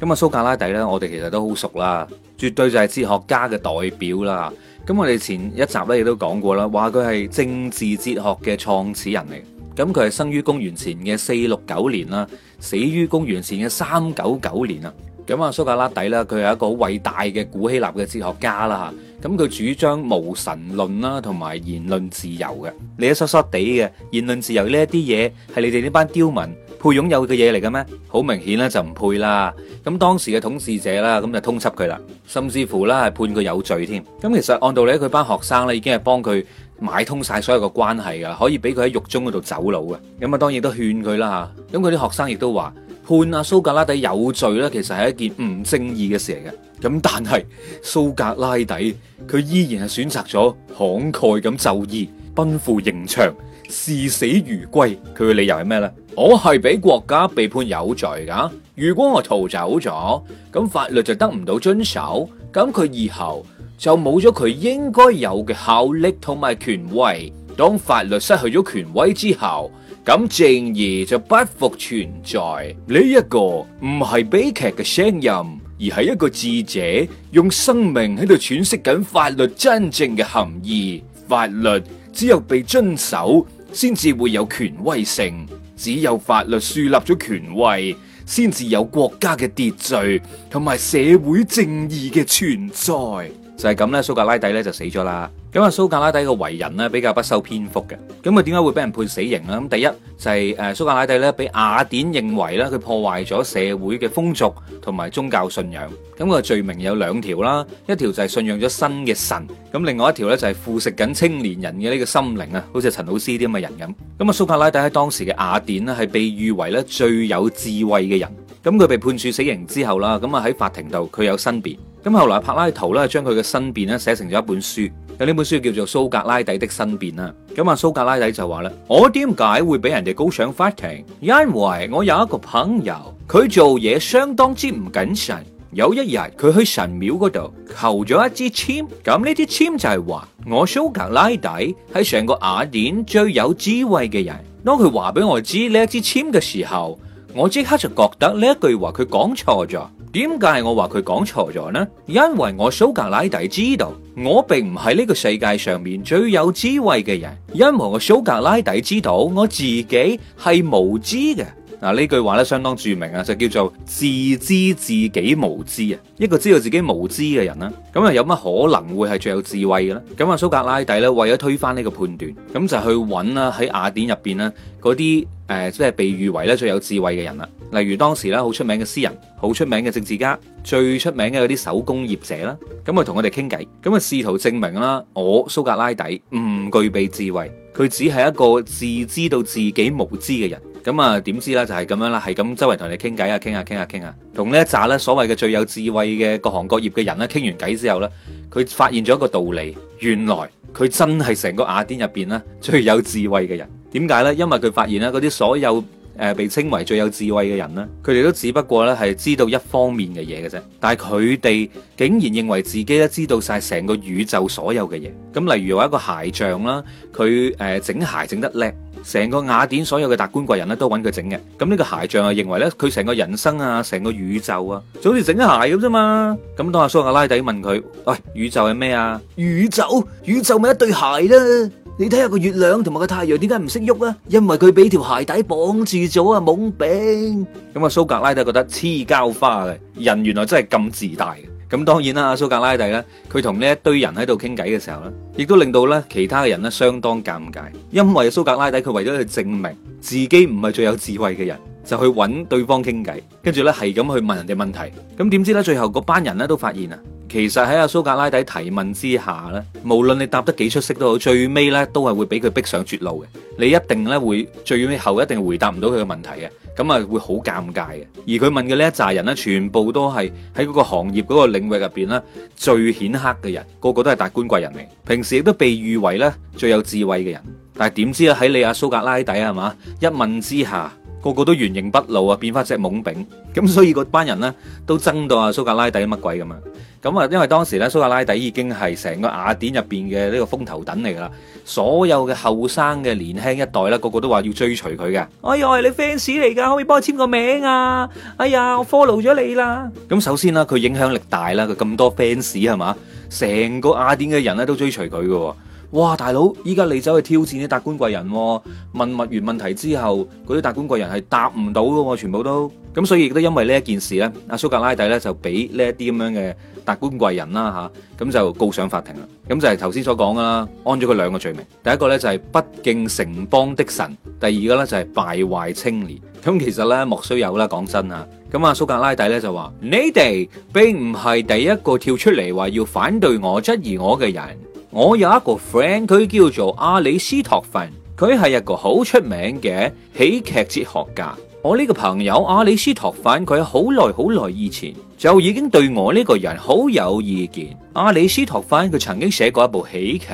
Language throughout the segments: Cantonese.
咁啊蘇格拉底咧，我哋其實都好熟啦，絕對就係哲學家嘅代表啦。咁我哋前一集咧亦都講過啦，話佢係政治哲學嘅創始人嚟。咁佢係生於公元前嘅四六九年啦，死於公元前嘅三九九年啦。咁啊蘇格拉底咧，佢係一個好偉大嘅古希臘嘅哲學家啦。咁佢主張無神論啦，同埋言論自由嘅。你一衰衰地嘅言論自由呢一啲嘢，係你哋呢班刁民。配擁有嘅嘢嚟嘅咩？好明顯咧就唔配啦。咁當時嘅統治者啦，咁就通緝佢啦，甚至乎啦係判佢有罪添。咁其實按道理佢班學生咧已經係幫佢買通晒所有嘅關係噶，可以俾佢喺獄中嗰度走佬嘅。咁啊當然都勸佢啦嚇。咁佢啲學生亦都話判阿蘇格拉底有罪咧，其實係一件唔正義嘅事嚟嘅。咁但係蘇格拉底佢依然係選擇咗慷慨咁就義。奔赴刑場，視死如歸。佢嘅理由係咩呢？我係俾國家被判有罪噶。如果我逃走咗，咁法律就得唔到遵守，咁佢以後就冇咗佢應該有嘅效力同埋權威。當法律失去咗權威之後，咁正義就不復存在。呢一個唔係悲劇嘅聲音，而係一個智者用生命喺度詮釋緊法律真正嘅含義。法律只有被遵守，先至會有權威性；只有法律樹立咗權威，先至有國家嘅秩序同埋社會正義嘅存在。就係咁咧，蘇格拉底咧就死咗啦。咁啊，蘇格拉底嘅為人咧比較不修邊幅嘅。咁佢點解會俾人判死刑呢？咁第一就係誒，蘇格拉底咧，俾雅典認為咧佢破壞咗社會嘅風俗同埋宗教信仰。咁佢罪名有兩條啦，一條就係信仰咗新嘅神，咁另外一條咧就係腐蝕緊青年人嘅呢個心靈啊，好似陳老師啲咁嘅人咁。咁啊，蘇格拉底喺當時嘅雅典咧係被譽為咧最有智慧嘅人。咁佢被判處死刑之後啦，咁啊喺法庭度佢有申辯。咁後來柏拉圖咧將佢嘅申辯咧寫成咗一本書。有呢本書叫做《蘇格拉底的申辯》啦。咁阿蘇格拉底就話啦：我點解會俾人哋告上法庭？因為我有一個朋友，佢做嘢相當之唔謹慎。有一日佢去神廟嗰度求咗一支簽，咁呢支簽就係話我蘇格拉底喺成個雅典最有智慧嘅人。當佢話俾我知呢一支簽嘅時候，我即刻就覺得呢一句話佢講錯咗。點解我話佢講錯咗呢？因為我蘇格拉底知道，我並唔係呢個世界上面最有智慧嘅人，因為我蘇格拉底知道，我自己係無知嘅。嗱呢句話咧相當著名啊，就叫做自知自己無知啊！一個知道自己無知嘅人啦，咁啊有乜可能會係最有智慧嘅咧？咁阿蘇格拉底咧為咗推翻呢個判斷，咁就去揾啦喺雅典入邊咧嗰啲誒即係被譽為咧最有智慧嘅人啦，例如當時咧好出名嘅詩人、好出名嘅政治家、最出名嘅嗰啲手工業者啦，咁啊同我哋傾偈，咁啊試圖證明啦我蘇格拉底唔具備智慧，佢只係一個自知到自己無知嘅人。咁啊，點知呢？就係咁樣啦，係咁周圍同你傾偈啊，傾下傾下傾啊，同呢一紮呢，所謂嘅最有智慧嘅各行各業嘅人呢，傾完偈之後呢，佢發現咗一個道理，原來佢真係成個雅典入邊呢最有智慧嘅人。點解呢？因為佢發現呢嗰啲所有誒，被稱為最有智慧嘅人咧，佢哋都只不過咧係知道一方面嘅嘢嘅啫。但係佢哋竟然認為自己咧知道晒成個宇宙所有嘅嘢。咁例如話一個鞋匠啦，佢誒、呃、整鞋整得叻，成個雅典所有嘅達官貴人咧都揾佢整嘅。咁呢個鞋匠又認為呢，佢成個人生啊，成個宇宙啊，就好似整鞋咁啫嘛。咁當阿蘇格拉底問佢：喂、哎，宇宙係咩啊？宇宙，宇宙咪一對鞋啦！你睇下個月亮同埋個太陽點解唔識喐啊？因為佢俾條鞋底綁住咗啊！懵丙。咁啊蘇格拉底覺得黐膠花嘅人原來真係咁自大嘅。咁當然啦，阿蘇格拉底咧，佢同呢一堆人喺度傾偈嘅時候咧，亦都令到咧其他嘅人咧相當尷尬，因為蘇格拉底佢為咗去證明自己唔係最有智慧嘅人。就去揾對方傾偈，跟住呢係咁去問人哋問題。咁點知呢？最後嗰班人呢都發現啊，其實喺阿蘇格拉底提問之下呢，無論你答得幾出色都好，最尾呢都係會俾佢逼上絕路嘅。你一定呢會最尾後一定回答唔到佢嘅問題嘅，咁啊會好尷尬嘅。而佢問嘅呢一扎人呢，全部都係喺嗰個行業嗰個領域入邊呢，最顯赫嘅人，個個都係達官貴人嚟，平時亦都被譽為呢最有智慧嘅人。但係點知呢喺你阿蘇格拉底係嘛，一問之下。個個都原形不露啊，變翻隻懵丙。咁，所以嗰班人咧都憎到阿蘇格拉底乜鬼咁啊！咁啊，因為當時咧蘇格拉底已經係成個雅典入邊嘅呢個風頭等嚟噶啦，所有嘅後生嘅年輕一代咧，個個都話要追隨佢嘅。哎呀，我係你 fans 嚟噶，可唔可以幫我簽個名啊！哎呀，我 follow 咗你啦。咁首先啦，佢影響力大啦，佢咁多 fans 係嘛，成個雅典嘅人咧都追隨佢嘅。哇，大佬，依家你走去挑戰啲達官貴人、哦，問物完問題之後，嗰啲達官貴人係答唔到噶，全部都咁，所以亦都因為呢一件事呢阿蘇格拉底呢就俾呢一啲咁樣嘅達官貴人啦吓，咁、啊、就告上法庭啦。咁就係頭先所講噶啦，安咗佢兩個罪名，第一個呢就係不敬城邦的神，第二個呢就係敗壞青年。咁其實呢，莫須有啦，講真吓。咁阿蘇格拉底呢就話：你哋並唔係第一個跳出嚟話要反對我質疑我嘅人。我有一個 friend，佢叫做阿里斯托芬，佢係一個好出名嘅喜劇哲學家。我呢個朋友阿里斯托芬，佢喺好耐好耐以前就已經對我呢個人好有意見。阿里斯托芬佢曾經寫過一部喜劇，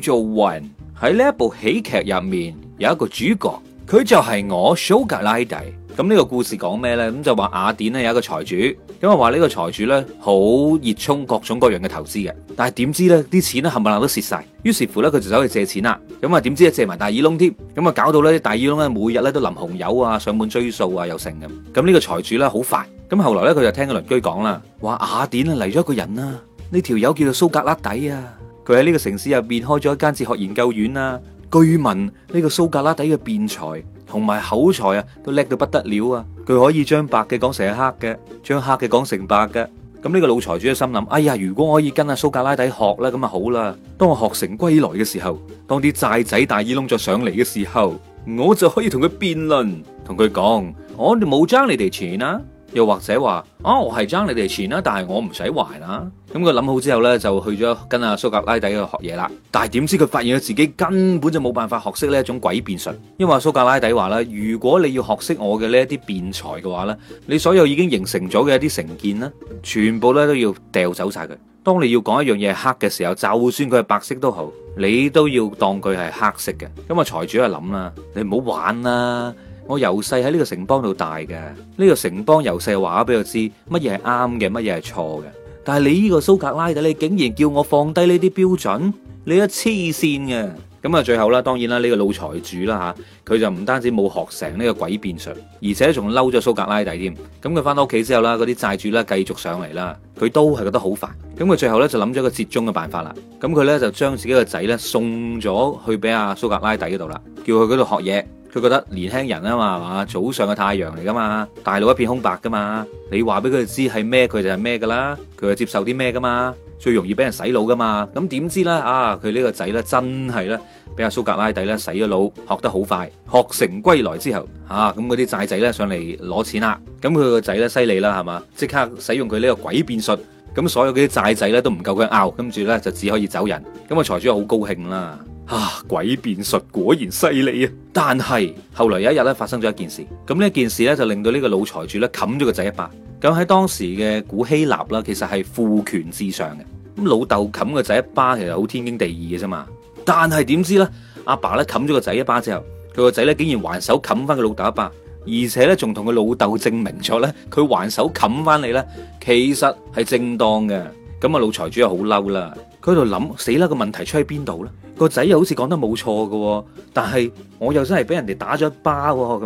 叫做《雲》，喺呢一部喜劇入面有一個主角，佢就係我蘇格拉底。咁呢個故事講咩呢？咁就話雅典咧有一個財主，咁啊話呢個財主呢，好熱衷各種各樣嘅投資嘅，但係點知呢啲錢呢，冚唪唥都蝕晒，於是乎呢，佢就走去借錢啦。咁啊點知借埋大耳窿添，咁啊搞到咧大耳窿呢，每日呢都淋紅油啊，上門追數啊又剩咁。咁、這、呢個財主呢，好煩，咁後來呢，佢就聽個鄰居講啦，話雅典啊嚟咗一個人啦，呢條友叫做蘇格拉底啊，佢喺呢個城市入邊開咗一間哲學研究院啊，據聞呢個蘇格拉底嘅辯才。同埋口才啊，都叻到不得了啊！佢可以將白嘅講成黑嘅，將黑嘅講成白嘅。咁呢個老財主啊心諗：哎呀，如果我可以跟阿蘇格拉底學啦，咁啊好啦。當我學成歸來嘅時候，當啲債仔大耳窿咗上嚟嘅時候，我就可以同佢辯論，同佢講：我哋冇爭你哋錢啊！又或者話，啊，我係爭你哋錢啦，但係我唔使還啦。咁佢諗好之後呢，就去咗跟阿蘇格拉底去學嘢啦。但係點知佢發現佢自己根本就冇辦法學識呢一種詭辯術。因為蘇格拉底話啦，如果你要學識我嘅呢一啲辯才嘅話呢，你所有已經形成咗嘅一啲成見咧，全部呢都要掉走晒佢。當你要講一樣嘢黑嘅時候，就算佢係白色都好，你都要當佢係黑色嘅。咁啊，財主就諗啦，你唔好玩啦。我由細喺呢個城邦度大嘅，呢個城邦由細話咗俾我知乜嘢係啱嘅，乜嘢係錯嘅。但係你呢個蘇格拉底，你竟然叫我放低呢啲標準，你一黐線嘅！咁啊，最後啦，當然啦，呢個老財主啦吓，佢就唔單止冇學成呢個詭辯術，而且仲嬲咗蘇格拉底添。咁佢翻到屋企之後啦，嗰啲債主咧繼續上嚟啦，佢都係覺得好煩。咁佢最後咧就諗咗個折中嘅辦法啦。咁佢咧就將自己個仔咧送咗去俾阿蘇格拉底嗰度啦，叫佢嗰度學嘢。佢覺得年輕人啊嘛，早上嘅太陽嚟噶嘛，大腦一片空白噶嘛，你話俾佢知係咩，佢就係咩噶啦，佢就接受啲咩噶嘛，最容易俾人洗腦噶嘛。咁點知咧啊，佢呢個仔咧真係咧，俾阿蘇格拉底咧洗咗腦，學得好快，學成歸來之後啊，咁嗰啲債仔咧上嚟攞錢啦。咁佢個仔咧犀利啦，係嘛？即刻使用佢呢個詭辯術，咁所有嗰啲債仔咧都唔夠佢拗，跟住咧就只可以走人。咁個財主好高興啦。啊！詭辯術果然犀利啊！但係後來有一日咧發生咗一件事，咁呢件事咧就令到呢個老財主咧冚咗個仔一巴。咁喺當時嘅古希臘啦，其實係父權至上嘅，咁老豆冚個仔一巴其實好天經地義嘅啫嘛。但係點知咧，阿爸咧冚咗個仔一巴之後，佢個仔咧竟然還手冚翻佢老豆一巴，而且咧仲同佢老豆證明咗咧，佢還手冚翻你咧，其實係正當嘅。咁啊，老財主又好嬲啦。佢喺度諗死啦，個問題出喺邊度咧？個仔又好似講得冇錯嘅，但係我又真係俾人哋打咗一巴咁、啊、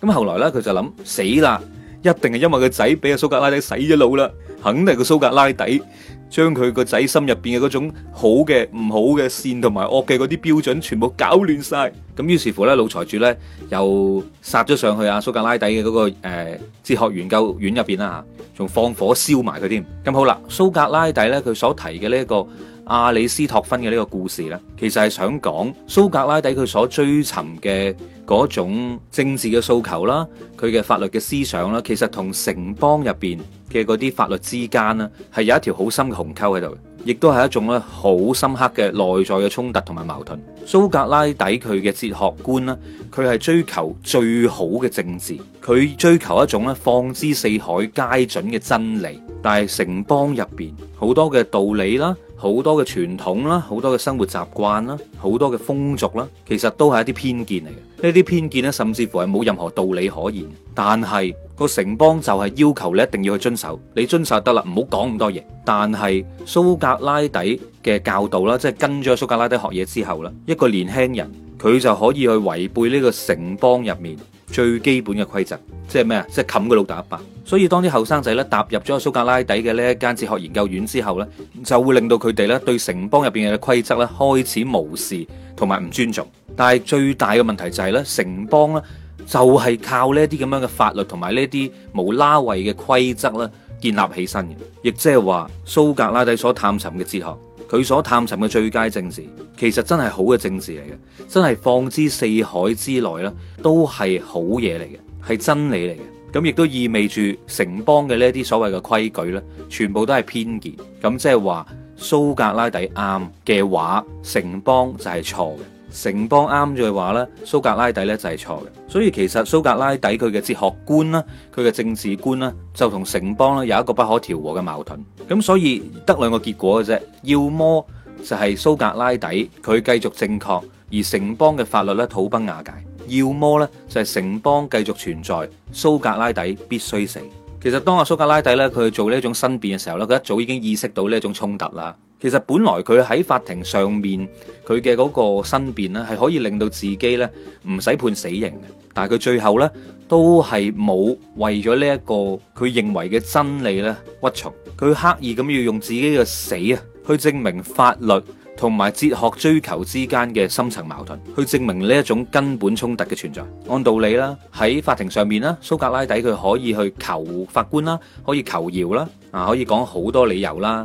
樣。咁後來咧，佢就諗死啦，一定係因為個仔俾阿蘇格拉底洗咗腦啦。肯定個蘇格拉底將佢個仔心入邊嘅嗰種好嘅、唔好嘅善同埋惡嘅嗰啲標準，全部搞亂晒。咁於是乎呢，老財主呢又殺咗上去阿蘇格拉底嘅嗰、個誒、呃、哲學研究院入邊啦，吓，仲放火燒埋佢添。咁好啦，蘇格拉底呢，佢所提嘅呢個阿里斯托芬嘅呢個故事咧，其實係想講蘇格拉底佢所追尋嘅嗰種政治嘅訴求啦，佢嘅法律嘅思想啦，其實同城邦入邊。嘅嗰啲法律之間呢，係有一條好深嘅鴻溝喺度，亦都係一種咧好深刻嘅內在嘅衝突同埋矛盾。蘇格拉底佢嘅哲學觀呢，佢係追求最好嘅政治，佢追求一種咧放之四海皆準嘅真理。但係城邦入邊好多嘅道理啦，好多嘅傳統啦，好多嘅生活習慣啦，好多嘅風俗啦，其實都係一啲偏見嚟嘅。呢啲偏見咧，甚至乎係冇任何道理可言。但係個城邦就係要求你一定要去遵守，你遵守就得啦，唔好講咁多嘢。但係蘇格拉底嘅教導啦，即係跟咗蘇格拉底學嘢之後啦，一個年輕人佢就可以去違背呢個城邦入面。最基本嘅規則，即係咩啊？即係冚佢老豆一巴。所以當啲後生仔咧踏入咗蘇格拉底嘅呢一間哲學研究院之後呢，就會令到佢哋咧對城邦入邊嘅規則咧開始無視同埋唔尊重。但係最大嘅問題就係呢，城邦咧就係靠呢啲咁樣嘅法律同埋呢啲無拉位嘅規則咧建立起身嘅。亦即係話蘇格拉底所探尋嘅哲學。佢所探尋嘅最佳政治，其實真係好嘅政治嚟嘅，真係放之四海之內咧，都係好嘢嚟嘅，係真理嚟嘅。咁亦都意味住城邦嘅呢啲所謂嘅規矩咧，全部都係偏見。咁即係話蘇格拉底啱嘅話，城邦就係錯嘅。城邦啱嘅話呢，蘇格拉底呢就係錯嘅，所以其實蘇格拉底佢嘅哲學觀啦，佢嘅政治觀呢就同城邦呢有一個不可調和嘅矛盾，咁所以得兩個結果嘅啫，要麼就係蘇格拉底佢繼續正確，而城邦嘅法律呢土崩瓦解；要麼呢就係城邦繼續存在，蘇格拉底必須死。其實當阿蘇格拉底呢，佢做呢一種申辯嘅時候呢，佢一早已經意識到呢一種衝突啦。其實本來佢喺法庭上面，佢嘅嗰個申辯咧，係可以令到自己咧唔使判死刑嘅。但係佢最後咧，都係冇為咗呢一個佢認為嘅真理咧屈從。佢刻意咁要用自己嘅死啊，去證明法律同埋哲學追求之間嘅深層矛盾，去證明呢一種根本衝突嘅存在。按道理啦，喺法庭上面啦，蘇格拉底佢可以去求法官啦，可以求饒啦，啊，可以講好多理由啦。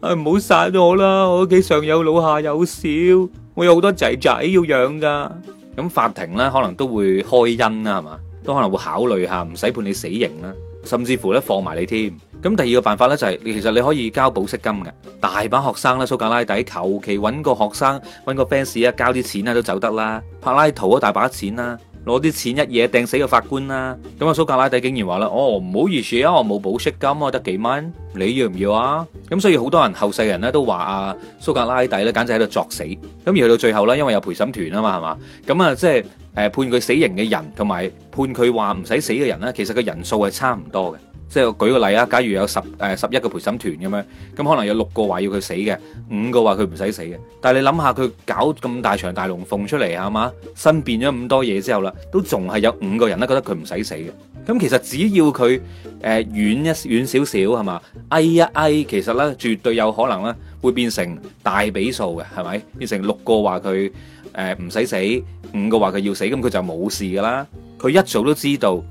啊！唔好殺我啦，我屋企上有老下有小，我有好多仔仔要養噶。咁法庭咧可能都會開恩啦、啊，係嘛，都可能會考慮下，唔使判你死刑啦、啊，甚至乎咧放埋你添。咁第二個辦法咧就係、是，你其實你可以交保釋金嘅。大把學生啦，蘇格拉底求其揾個學生揾個 fans 啊，交啲錢啊都走得啦。柏拉圖都大把錢啦。攞啲錢一嘢掟死個法官啦、啊！咁阿蘇格拉底竟然話啦：哦，唔好意思啊，我冇保釋金啊，我得幾蚊？你要唔要啊？咁所以好多人後世人咧都話阿、啊、蘇格拉底咧簡直喺度作死。咁而去到最後咧，因為有陪審團啊嘛，係嘛？咁啊、就是，即係誒判佢死刑嘅人，同埋判佢話唔使死嘅人咧，其實個人數係差唔多嘅。即係我舉個例啊，假如有十誒、呃、十一個陪審團咁樣，咁可能有六個話要佢死嘅，五個話佢唔使死嘅。但係你諗下，佢搞咁大場大龍鳳出嚟係嘛，身變咗咁多嘢之後啦，都仲係有五個人咧覺得佢唔使死嘅。咁其實只要佢誒軟一軟少少係嘛，偽一偽，其實咧絕對有可能咧會變成大比數嘅係咪？變成六個話佢誒唔使死，五個話佢要死，咁佢就冇事噶啦。佢一早都知道。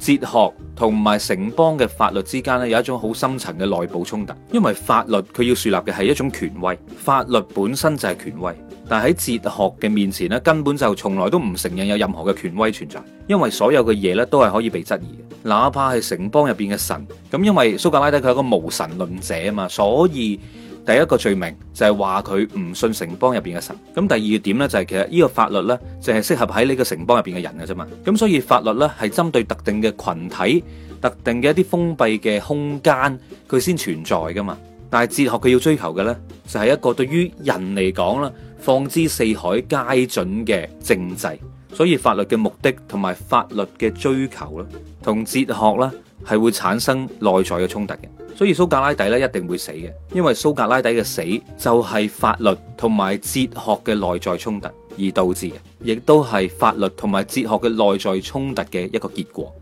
哲學同埋城邦嘅法律之間咧，有一種好深層嘅內部衝突，因為法律佢要樹立嘅係一種權威，法律本身就係權威，但喺哲學嘅面前咧，根本就從來都唔承認有任何嘅權威存在，因為所有嘅嘢咧都係可以被質疑，哪怕係城邦入邊嘅神，咁因為蘇格拉底佢係個無神論者啊嘛，所以。第一個罪名就係話佢唔信城邦入邊嘅神，咁第二嘅點呢就係、是、其實呢個法律呢，就係、是、適合喺呢個城邦入邊嘅人嘅啫嘛，咁所以法律呢，係針對特定嘅群體、特定嘅一啲封閉嘅空間佢先存在噶嘛，但係哲學佢要追求嘅呢，就係、是、一個對於人嚟講，呢放之四海皆準嘅政制，所以法律嘅目的同埋法律嘅追求啦，同哲學啦，係會產生內在嘅衝突嘅，所以蘇格拉底咧一定會死嘅，因為蘇格拉底嘅死就係法律同埋哲學嘅內在衝突而導致嘅，亦都係法律同埋哲學嘅內在衝突嘅一個結果。